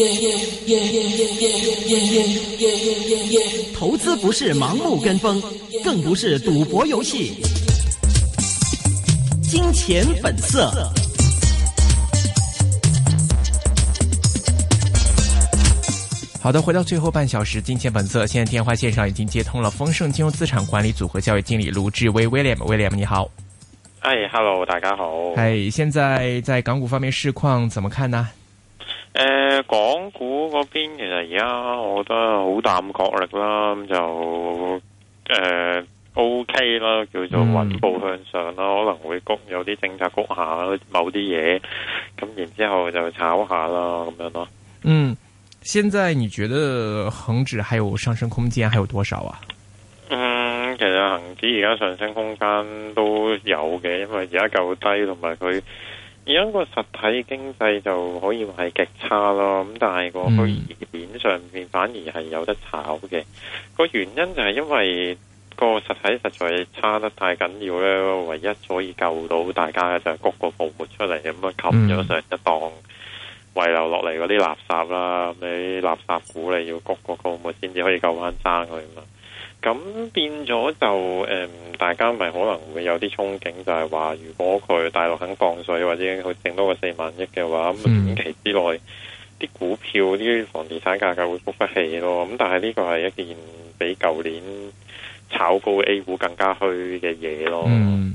Yeah, yeah, yeah, yeah, yeah, yeah, yeah 投資不是盲目跟風，更不是賭博遊戲。金錢本色。好的，回到最後半小時，金錢本色。現在電話線上已經接通了豐盛金融資產管理組合交易經理盧志威 William，William 你好。哎，Hello，大家好。哎， Hello，大家好。現在在港股方面市況怎麼看呢？誒、呃，港股嗰邊其實而家我覺得好淡角力啦，咁就誒、呃、OK 啦，叫做穩步向上啦，嗯、可能會谷有啲政策谷下某啲嘢，咁然之後就炒下啦，咁樣咯。嗯，現在你覺得恒指還有上升空間，還有多少啊？嗯，其實恒指而家上升空間都有嘅，因為而家夠低，同埋佢。而家個實體經濟就可以話係極差咯，咁但係個虛點上面反而係有得炒嘅。個、嗯、原因就係因為個實體實在差得太緊要咧，唯一可以救到大家嘅就係谷個泡沫出嚟咁啊，冚咗上，上一檔，遺留落嚟嗰啲垃圾啦，啲垃圾股你要谷個泡沫先至可以救翻生佢嘛。咁變咗就大家咪可能會有啲憧憬，就係話如果佢大陸肯放水，或者佢整多個四萬億嘅話，咁、嗯、短期之內啲股票啲房地產價格會復翻起咯。咁但係呢個係一件比舊年炒高 A 股更加虛嘅嘢咯。嗯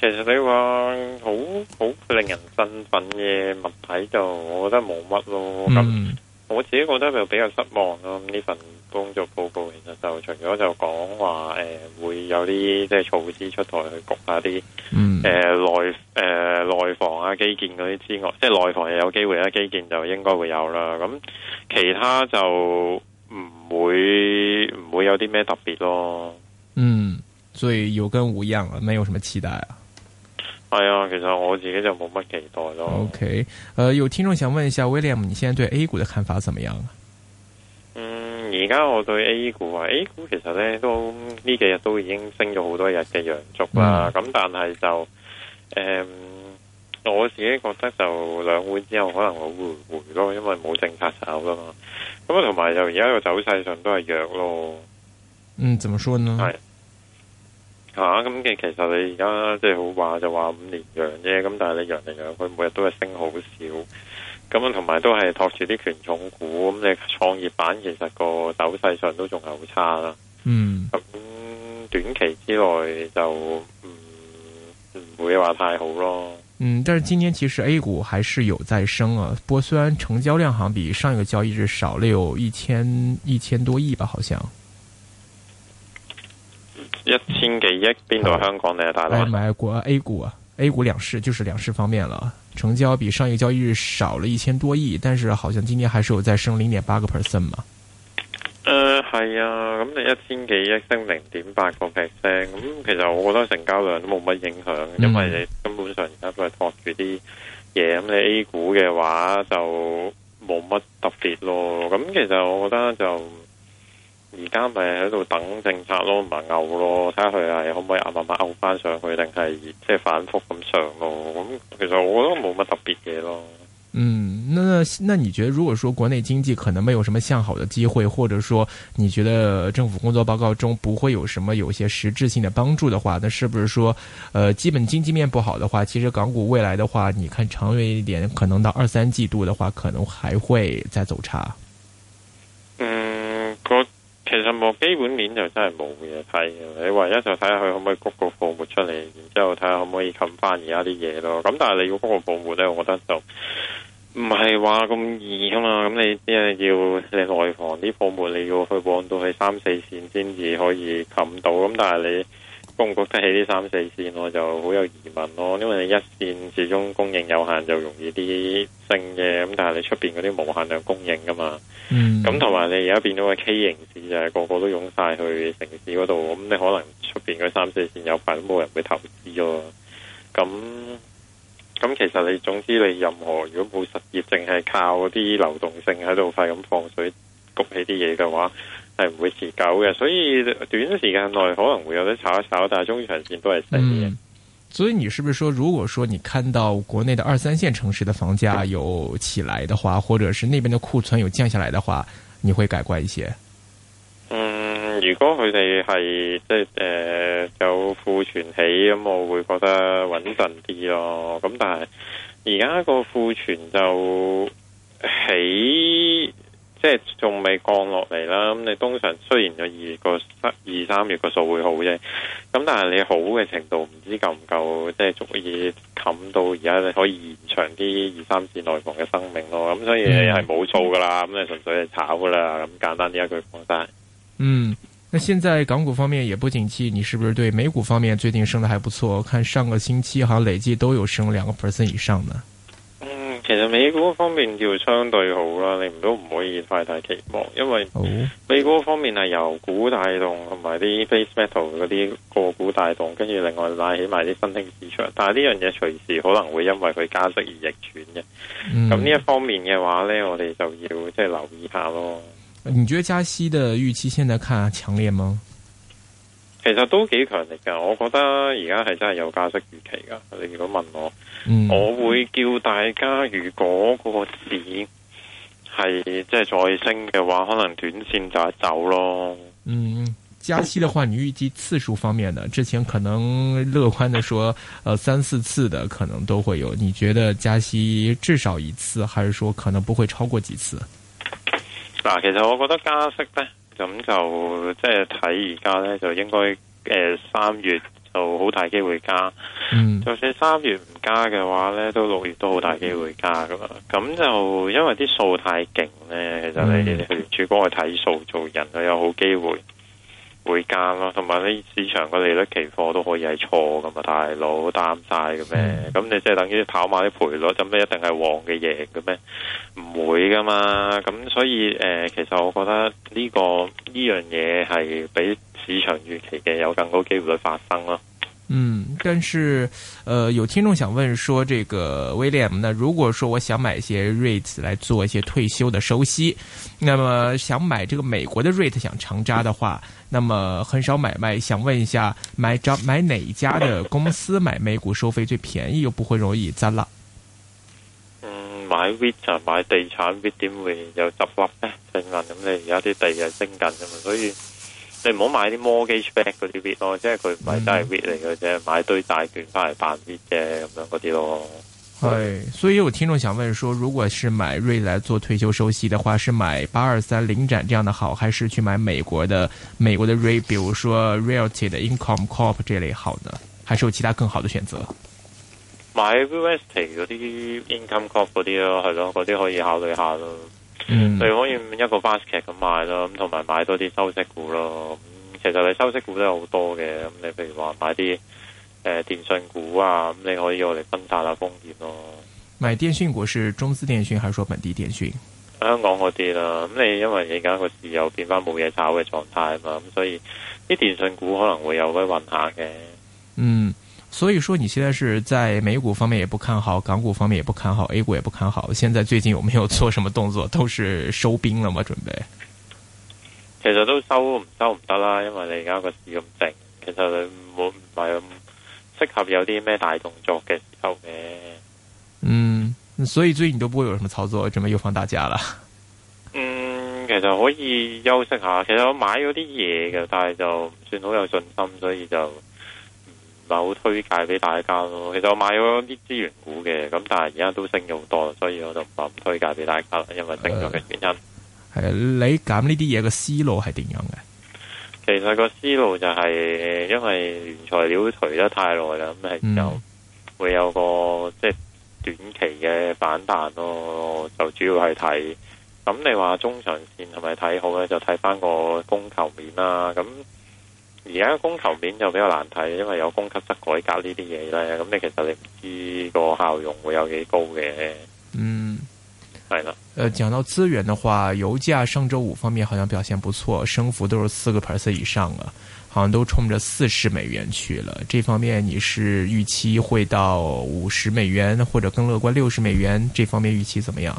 其實你話好好令人振奮嘅物體就，我覺得冇乜咯。咁、嗯嗯、我自己覺得就比較失望咯。咁呢份工作報告其實就除咗就講話誒會有啲即係措施出台去焗下啲誒內誒內房啊基建嗰啲之外，即係內房又有機會啦、啊，基建就應該會有啦。咁其他就唔會唔會有啲咩特別咯。嗯，所以有跟無一樣啊，沒有什麼期待啊。係啊，其實我自己就冇乜期待咯。OK，誒、呃，有聽眾想問一下 William，你現在對 A 股嘅看法怎麼樣啊？嗯，而家我對 A 股啊，A 股其實咧都呢幾日都已經升咗好多日嘅陽燭啦。咁、嗯、但係就誒、嗯，我自己覺得就兩會之後可能會回咯，因為冇政策炒㗎嘛。咁啊，同埋就而家個走勢上都係弱咯。嗯，怎麼說呢？係。吓咁嘅，其實你而家即係好話就話五年揚啫，咁但係你揚嚟揚去，每日都係升好少。咁同埋都係托住啲權重股，咁你創業板其實個走勢上都仲係好差啦。嗯，咁短期之內就唔會話太好咯。嗯，但是今天其實 A 股還是有在升啊，不過雖然成交量好像比上一個交易日少了有一千一千多億吧，好像。一千幾億，邊度香港定係大陸？買買股 A 股啊，A 股兩市就是兩市方面啦，成交比上一個交易日少了一千多億，但是好像今年還是有再升零點八個 percent 嘛。誒、呃、係啊，咁你一千幾億升零點八個 percent，咁其實我覺得成交量都冇乜影響、嗯，因為你根本上而家都係托住啲嘢，咁你 A 股嘅話就冇乜特別咯，咁其實我覺得就。而家咪喺度等政策咯，咪拗咯，睇下佢係可唔可以慢慢慢拗翻上去，定係即係反覆咁上咯。咁其實我覺得都冇乜特別嘅咯。嗯，那那你覺得，如果說國內經濟可能沒有什麼向好的機會，或者說你覺得政府工作報告中不會有什麼有些實質性的幫助的話，那是不是說，呃，基本經濟面不好的話，其實港股未來的話，你看長遠一點，可能到二三季度的話，可能還會再走差。嗯。基本面就真係冇嘢睇，你唯一就睇下佢可唔可以谷個泡沫出嚟，然之後睇下可唔可以冚翻而家啲嘢咯，咁但係你要谷個泡沫呢，我覺得就唔係話咁易啊嘛。咁你即係要你內房啲泡沫，你要去往到喺三四線先至可以冚到。咁但係你。我覺得喺啲三四線我就好有疑問咯，因為你一線始終供應有限，就容易啲升嘅。咁但係你出邊嗰啲無限量供應噶嘛？咁同埋你而家變咗個 K 型市就係、是、個個都湧晒去城市嗰度，咁你可能出邊嗰三四線有排都冇人會投資咯。咁咁其實你總之你任何如果冇實業，淨係靠啲流動性喺度快咁放水焗起啲嘢嘅話。係唔會持久嘅，所以短時間內可能會有得炒一炒，但係中長線都係升嘅。所以你是不是說，如果說你看到國內的二三線城市的房價有起來的話，或者是那邊的庫存有降下來的話，你會改觀一些？嗯，如果佢哋係即係誒有庫存起，咁我會覺得穩陣啲咯。咁但係而家個庫存就起。即係仲未降落嚟啦，咁你通常雖然有二月個二三月個數會好啫，咁但係你好嘅程度唔知夠唔夠，即係足以冚到而家你可以延長啲二三線內房嘅生命咯。咁所以係冇做噶啦，咁你純粹係炒噶啦。咁簡單啲一句講晒。嗯，那現在港股方面也不景氣，你是不是對美股方面最近升得還不錯？我看上個星期，好像累計都有升兩個 percent 以上呢。其實美股方面叫相對好啦，你唔都唔可以太大期望，因為、oh. 美股方面係由股帶動，同埋啲 Facebook 嗰啲個股帶動，跟住另外拉起埋啲新興市場。但係呢樣嘢隨時可能會因為佢加息而逆轉嘅。咁、mm. 呢一方面嘅話咧，我哋就要即係、就是、留意一下咯。你覺得加息嘅預期現在看強烈嗎？其實都幾強力噶，我覺得而家係真係有加息預期噶。你如果問我、嗯，我會叫大家如果嗰個市係即係再升嘅話，可能短線就係走咯。嗯，加息嘅話，你預計次數方面呢？之前可能樂觀嘅說，呃三四次嘅可能都會有。你覺得加息至少一次，還是說可能不會超過幾次？嗱、啊，其實我覺得加息呢。咁就即係睇而家咧，就應該誒三月就好大機會加。嗯、就算三月唔加嘅話咧，都六月都好大機會加噶嘛。咁、嗯、就因為啲數太勁咧，其實你去主攻去睇數做人，有好機會。會監咯，同埋啲市場個利率期貨都可以係錯噶嘛，大佬擔晒嘅咩？咁你即係等於跑馬啲賠率，做咩一定係黃嘅贏嘅咩？唔會噶嘛？咁所以誒、呃，其實我覺得呢、這個呢樣嘢係比市場預期嘅有更高機會發生咯。嗯，但是，呃，有聽眾想問說，這個 William 呢，威廉，那如果說我想買一些 REIT 來做一些退休的收息，那麼想買這個美國的 REIT 想長揸的話，那麼很少買賣，想問一下買，買張買哪一家的公司買美股收費最便宜又不會容易砸了？嗯，買 REIT 買地產 REIT 點會又執笠咧？因為、嗯、有啲地係升緊啊，所以。你唔好買啲 mortgage back 嗰啲 REIT 咯，即係佢唔係真係 REIT 嚟嘅啫，買堆債券翻嚟扮 REIT 啫，咁樣嗰啲咯。係，所以有聽眾想問說，如果是買瑞來做退休收息嘅話，是買八二三領展這樣的好，還是去買美國的美國的瑞，比如說 realty 的 income corp 這類好呢？還是有其他更好的選擇？買 real estate 嗰啲 income corp 啲咯，係咯，嗰啲可以考慮下咯。嗯，你可以一個 basket 咁買咯，咁同埋買多啲收息股咯。咁其實你收息股都有好多嘅，咁你譬如話買啲誒、呃、電信股啊，咁你可以用嚟分散下風險咯。買電信股是中資電信還是本地電信？香港嗰啲啦，咁你因為而家個市又變翻冇嘢炒嘅狀態啊嘛，咁所以啲電信股可能會有位運下嘅。嗯。所以說你現在是在美股方面也不看好，港股方面也不看好，A 股也不看好。現在最近有沒有做什麼動作？都是收兵了嗎？準備？其實都收唔收唔得啦，因為你而家個市咁靜，其實你唔好唔係咁適合有啲咩大動作嘅時候嘅。嗯，所以最近你都不會有什麼操作，準備又放大假啦。嗯，其實可以休息下。其實我買咗啲嘢嘅，但係就唔算好有信心，所以就。冇推介俾大家咯。其實我買咗啲資源股嘅，咁但係而家都升咗好多，所以我就唔敢推介俾大家啦，因為升咗嘅原因。係、呃、啊，你揀呢啲嘢個思路係點樣嘅？其實個思路就係因為原材料除得太耐啦，咁係就會有個即係短期嘅反彈咯。就主要係睇，咁你話中長線係咪睇好咧？就睇翻個供求面啦。咁。而家供求面就比較難睇，因為有供給側改革呢啲嘢咧，咁你其實你唔知個效用會有幾高嘅。嗯，係啦。誒、呃，講到資源的話，油價上周五方面好像表現不錯，升幅都係四個 percent 以上啊，好像都衝着四十美元去了。這方面你是預期會到五十美元，或者更樂觀六十美元？這方面預期怎麼樣？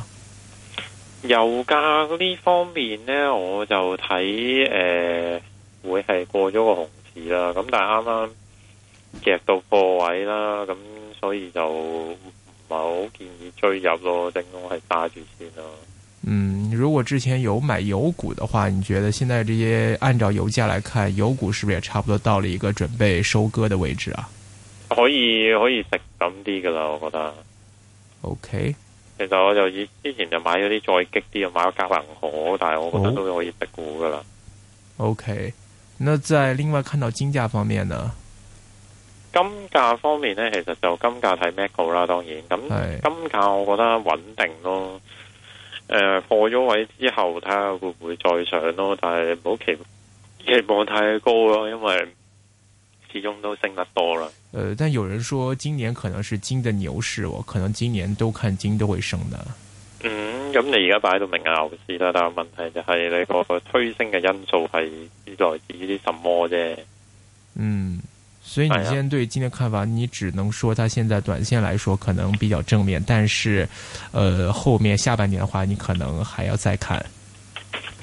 油價呢方面呢，我就睇誒。呃會係過咗個紅字啦，咁但係啱啱夾到破位啦，咁所以就唔係好建議追入咯，頂多係揸住先咯。嗯，如果之前有買油股的話，你覺得現在這些按照油價來看，油股是不是也差不多到了一個準備收割的位置啊？可以可以食咁啲噶啦，我覺得。O、okay. K，其實我就之之前就買咗啲再激啲嘅，買個嘉能可，但係我覺得、oh. 都可以食股噶啦。O K。那在另外看到金價方面呢？金價方面呢，其實就金價睇 m a c 啦。當然咁，金價我覺得穩定咯。誒、呃，破咗位之後睇下會唔會再上咯，但係唔好期期望太高咯，因為始終都升得多啦。誒、呃，但有人說今年可能是金的牛市，我可能今年都看金都會升的。咁你而家擺到明牛市啦，但係問題就係你個推升嘅因素係嚟自於啲什麼啫？嗯，所以你先對今天看法，你只能說，佢現在短線來說可能比較正面，但是，誒、呃，後面下半年嘅話，你可能還要再看。係、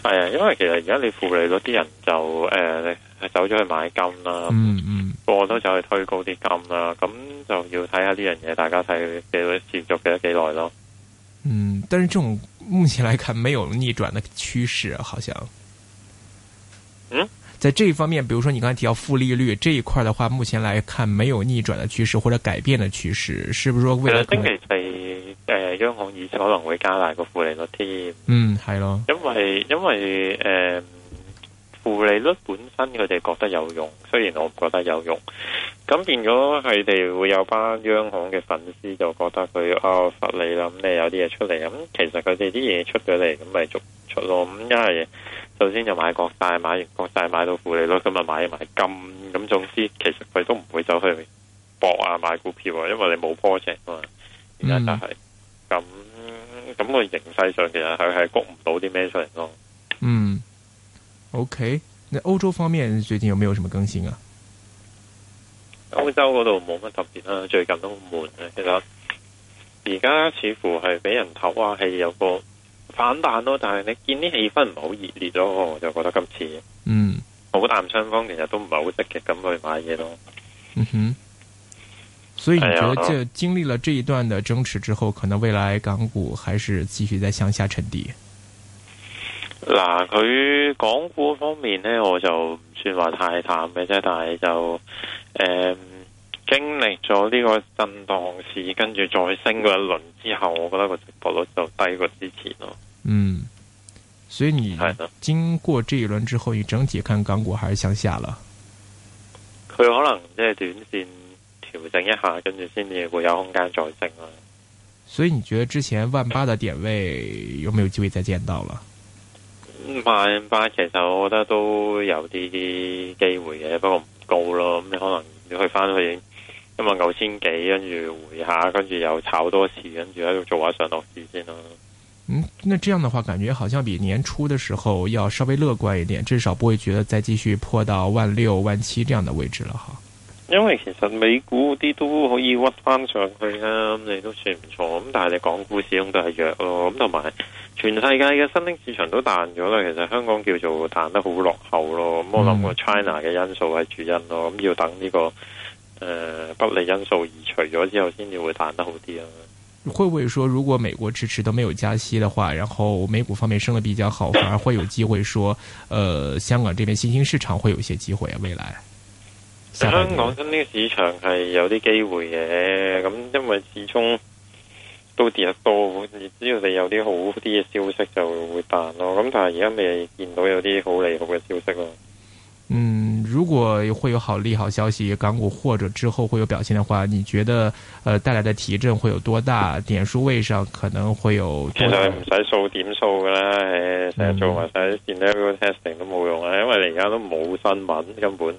嗯、啊、嗯，因為其實而家你負利率啲人就誒走咗去買金啦、啊，嗯嗯，個個都走去推高啲金啦、啊，咁就要睇下呢樣嘢，大家係會持續幾多幾耐咯。嗯，但是這種目前來看沒有逆轉的趨勢啊，好像。嗯，在這一方面，比如說你剛才提到負利率這一塊的話，目前來看沒有逆轉的趨勢或者改變的趨勢，是不是說未來？星期四誒，呃，央行可能會加大個負利率添。嗯，係咯。因為因為誒。呃負利率本身佢哋覺得有用，雖然我唔覺得有用。咁變咗佢哋會有班央行嘅粉絲就覺得佢啊罰你啦，咁咧有啲嘢出嚟，咁其實佢哋啲嘢出咗嚟，咁咪足出咯。咁一係首先就買國債，買完國債買，買到負利率，咁啊買埋金，咁總之其實佢都唔會走去搏啊買股票，因為你冇 project 啊嘛。而家就係咁，咁個形勢上其實佢係谷唔到啲咩出嚟咯。嗯。O、okay. K，那歐洲方面最近有沒有什麼更新啊？歐洲嗰度冇乜特別啦，最近都好悶啊。其實而家似乎係俾人唞下氣，係有個反彈咯，但係你見啲氣氛唔係好熱烈咯，我就覺得今次很嗯，好淡雙方其實都唔係好積極咁去買嘢咯。嗯哼，所以你覺得就經歷了這一段的爭持之後，哎，可能未來港股還是繼續在向下沉底？嗱，佢港股方面咧，我就唔算話太淡嘅啫，但係就誒、呃、經歷咗呢個震盪市，跟住再升嗰一輪之後，我覺得個值博率就低過之前咯。嗯，所以你係經過這一輪之後，你整體看港股還是向下啦。佢可能即係短線調整一下，跟住先至會有空間再升啦。所以你覺得之前萬八的點位有冇機會再見到了？萬八其實我覺得都有啲啲機會嘅，不過唔高咯。咁你可能去翻去，因為九千幾，跟住回下，跟住又炒多次，跟住喺度做下上落市先咯。嗯，那這樣的話感覺好像比年初的時候要稍微樂觀一點，至少不會覺得再繼續破到萬六萬七這樣的位置了哈。因為其實美股啲都可以屈翻上去啊，你都算唔錯。咁但係你港股始終都係弱咯，咁同埋。全世界嘅新興市場都彈咗啦，其實香港叫做彈得好落後咯。我諗個 China 嘅因素係主因咯，咁要等呢、這個誒、呃、不利因素移除咗之後，先至會彈得好啲啊！會唔會說，如果美國遲遲都沒有加息嘅話，然後美股方面升得比較好，反而會有機會說，誒、 呃，香港這邊新興市場會有些機會啊？未來香港新興市場係有啲機會嘅，咁因為始終。都跌得多，只要你有啲好啲嘅消息就會彈咯。咁但係而家未見到有啲好利好嘅消息咯。嗯，如果會有好利好消息，港股或者之後會有表現嘅話，你覺得，呃，帶來嘅提振會有多大？點數位上可能會有。其實唔使數點數噶啦，誒、欸，成、嗯、日做埋晒啲 technical testing 都冇用啊，因為你而家都冇新聞，根本。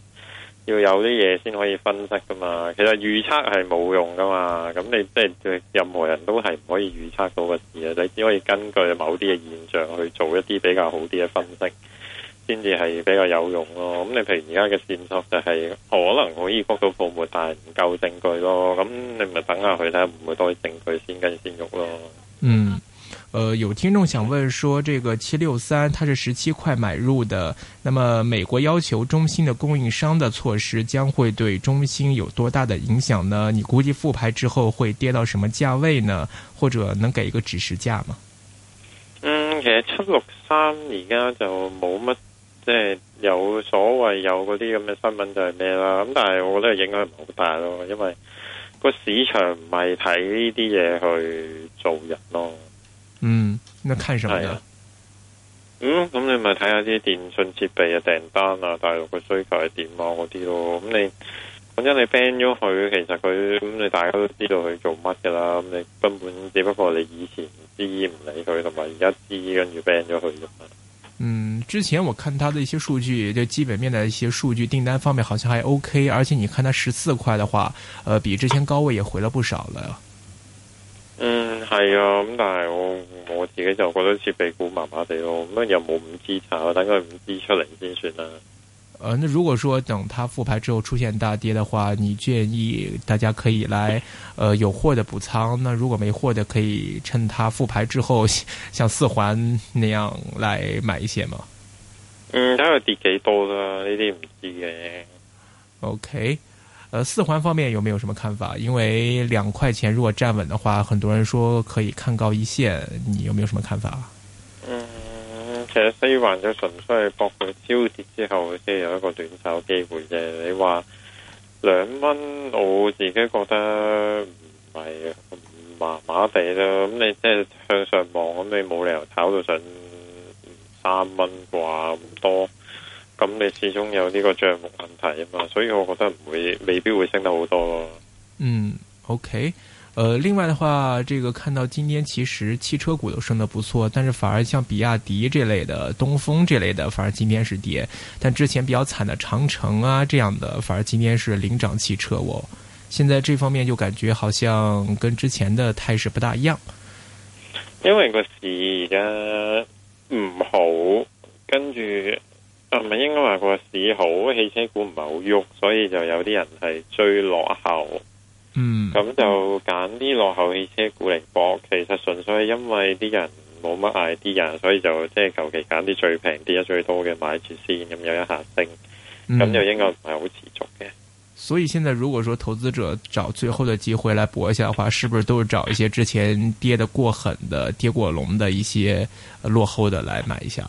要有啲嘢先可以分析噶嘛，其實預測係冇用噶嘛，咁你即係、就是、任何人都係唔可以預測到嘅事啊，你只可以根據某啲嘅現象去做一啲比較好啲嘅分析，先至係比較有用咯。咁你譬如而家嘅線索就係、是、可能可以沽到貨，但係唔夠證據咯，咁你咪等下佢睇下唔會多啲證據先跟住先喐咯。嗯。呃，有聽眾想問說，這個七六三它是十七塊買入的，那麼美國要求中興的供應商的措施將會對中興有多大的影響呢？你估計復牌之後會跌到什麼價位呢？或者能給一個指示價嗎？嗯，其實七六三而家就冇乜，即係有所謂有嗰啲咁嘅新聞就係咩啦。咁但係我覺得影響唔好大咯，因為個市場唔係睇呢啲嘢去做人咯。嗯那看什麼呢、啊，嗯，咁你咪睇下啲電信設備啊、訂單啊、大陸嘅需求、啊、電網嗰啲咯。咁你，反正你 ban 咗佢，其實佢咁你大家都知道佢做乜嘅啦。咁你根本只不過你以前知唔理佢，同埋而家知跟住 ban 咗佢啫嘛。嗯，之前我看他的一些數據，就基本面的一些數據，訂單方面好像還 OK。而且你看他十四塊嘅話，誒、呃，比之前高位也回了不少啦。係啊，咁但係我我自己就覺得設備股麻麻地咯，咁又冇五支炒，等佢五支出嚟先算啦。啊、呃,那如果說等他復牌之後出現大跌嘅話，你建議大家可以來，呃，有貨的補倉，那如果沒貨的可以趁他復牌之後，像四環那樣來買一些嗎？嗯，睇佢跌幾多啦、啊，呢啲唔知嘅。OK。呃，四環方面有沒有什麼看法？因為兩塊錢如果站穩的話，很多人說可以看高一線，你有沒有什麼看法？嗯，其實四環就純粹係博佢超跌之後先有一個短手機會嘅。你話兩蚊，我自己覺得唔係，麻麻地啦。咁你即係向上望，咁你冇理由炒到上三蚊啩唔多。咁你始終有呢個賬目問題啊嘛，所以我覺得唔會未必會升得好多咯。嗯，OK，呃，另外的話，這個看到今天其實汽車股都升得不錯，但是反而像比亞迪這類的，東風這類的，反而今天是跌。但之前比較慘的長城啊這樣的，反而今天是領漲汽車哦。我現在這方面就感覺好像跟之前的態勢不大一樣，因為個市而家唔好，跟住。唔係應該話個市好，汽車股唔係好喐，所以就有啲人係最落後，嗯，咁就揀啲落後汽車股嚟搏。其實純粹係因為啲人冇乜 idea，所以就即係求其揀啲最平啲，最多嘅買住先，咁有一下升，咁就應該唔係好持續嘅，嗯。所以現在如果說投資者找最後嘅機會來搏一下嘅話，是不是都係找一些之前跌得過狠的，的跌過龍嘅一些落後的嚟買一下？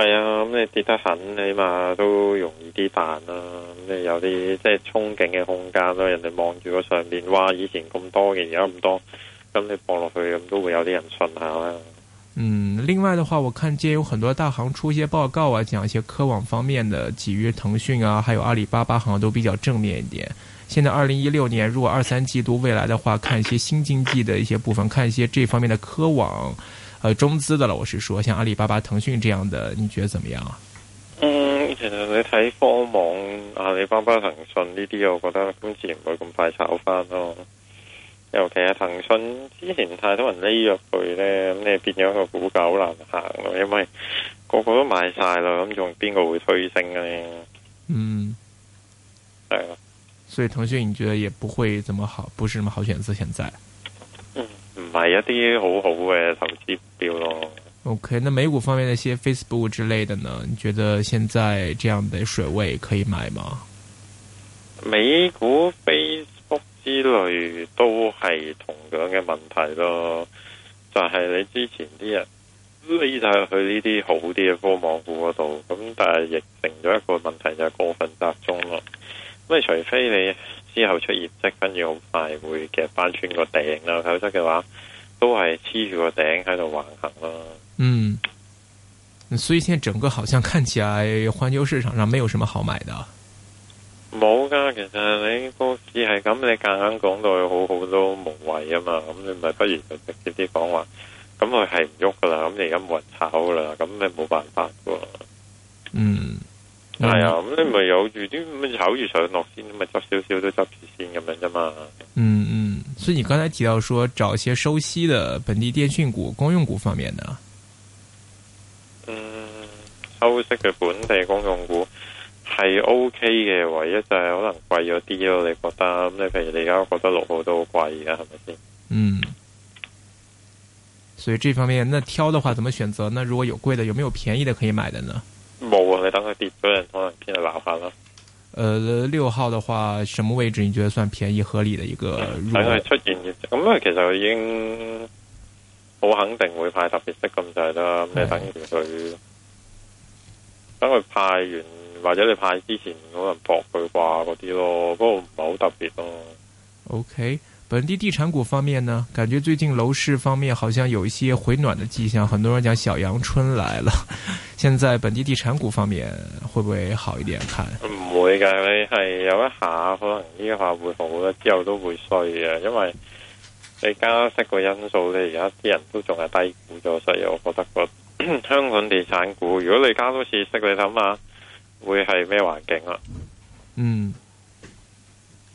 係啊，咁你跌得很，起碼都容易啲彈啦。咁你有啲即係憧憬嘅空間咯。人哋望住個上面，哇，以前咁多，嘅而家咁多，咁你放落去，咁都會有啲人信下啦。嗯，另外嘅話，我看見有很多大行出一些報告啊，講一些科網方面嘅，至於騰訊啊，還有阿里巴巴，行都比較正面一點。現在二零一六年，如果二三季度未來嘅話，看一些新經濟嘅一些部分，看一些這方面嘅科網。呃，中資的啦，我是說，像阿里巴巴、騰訊這樣的，你覺得怎麼樣啊？嗯，其實你睇科網，阿里巴巴、騰訊呢啲，我覺得今次唔會咁快炒返咯。尤其係騰訊之前太多人匿入去咧，咁、嗯、你變咗個股價好難行咯，因為個個都買晒啦，咁仲邊個會推升咧？嗯，係啊，所以騰訊你覺得也不會怎麼好，不是什麼好選擇現在。唔係一啲好好嘅投資標咯。OK，那美股方面那些 Facebook 之類的呢？你覺得現在這樣的水位可以買嗎？美股 Facebook 之類都係同樣嘅問題咯，就係、是、你之前啲人拉晒去呢啲好啲嘅科網股嗰度，咁但係形成咗一個問題就係、是、過分集中咯。咁你除非你。之後出業績，跟住好快會夾翻穿個頂啦。否則嘅話，都係黐住個頂喺度橫行啦。嗯，所以現在整個好像看起來環球市場上沒有什麼好買的？冇噶，其實你都只係咁，你硬講到好好都無謂啊嘛。咁你咪不如就直接啲講話，咁佢係唔喐噶啦。咁你而家冇人炒啦，咁你冇辦法噶。嗯。係啊，咁你咪有住啲乜炒住上落先，咁咪執少少都執住先咁樣啫嘛。嗯嗯，嗯，嗯，所以你剛才提到說找一些收息嘅本地電訊股、公用股方面的。嗯，收息嘅本地公用股係 OK 嘅，唯一就係可能貴咗啲咯。你覺得咁？你譬如你而家覺得六號都好貴噶，係咪先？嗯。所以這方面，那挑的話，怎麼選擇？那如果有貴的，有沒有便宜的可以買的呢？冇啊，你等佢跌咗，人可能偏日麻煩啦。誒、呃，六號的話，什麼位置你覺得算便宜合理的一個、嗯？等佢出現，咁佢其實已經好肯定會派特別息咁滯啦。咁、嗯、你等住佢，等佢派完或者你派之前可能搏佢啩嗰啲咯，那個、不過唔係好特別咯。O、okay, K，本地地產股方面呢？感覺最近樓市方面好像有一些回暖的跡象，很多人講小陽春來了。現在本地地產股方面會不會好一點看？看、嗯、唔會嘅，你係有一下可能呢個話會好啦，之後都會衰嘅。因為你加息個因素，你而家啲人都仲係低估咗，所以我覺得、那個 香港地產股，如果你加多次息，你諗下會係咩環境啊？嗯。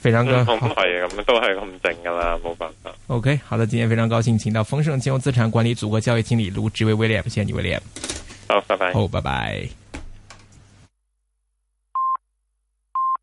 非常哥，嗯，好，係咁，都係咁整噶啦，冇辦法。OK，好的，今天非常高興，請到豐盛金融資產管理組合交易經理盧志威 William，謝謝你 William，好，拜拜，好，拜拜。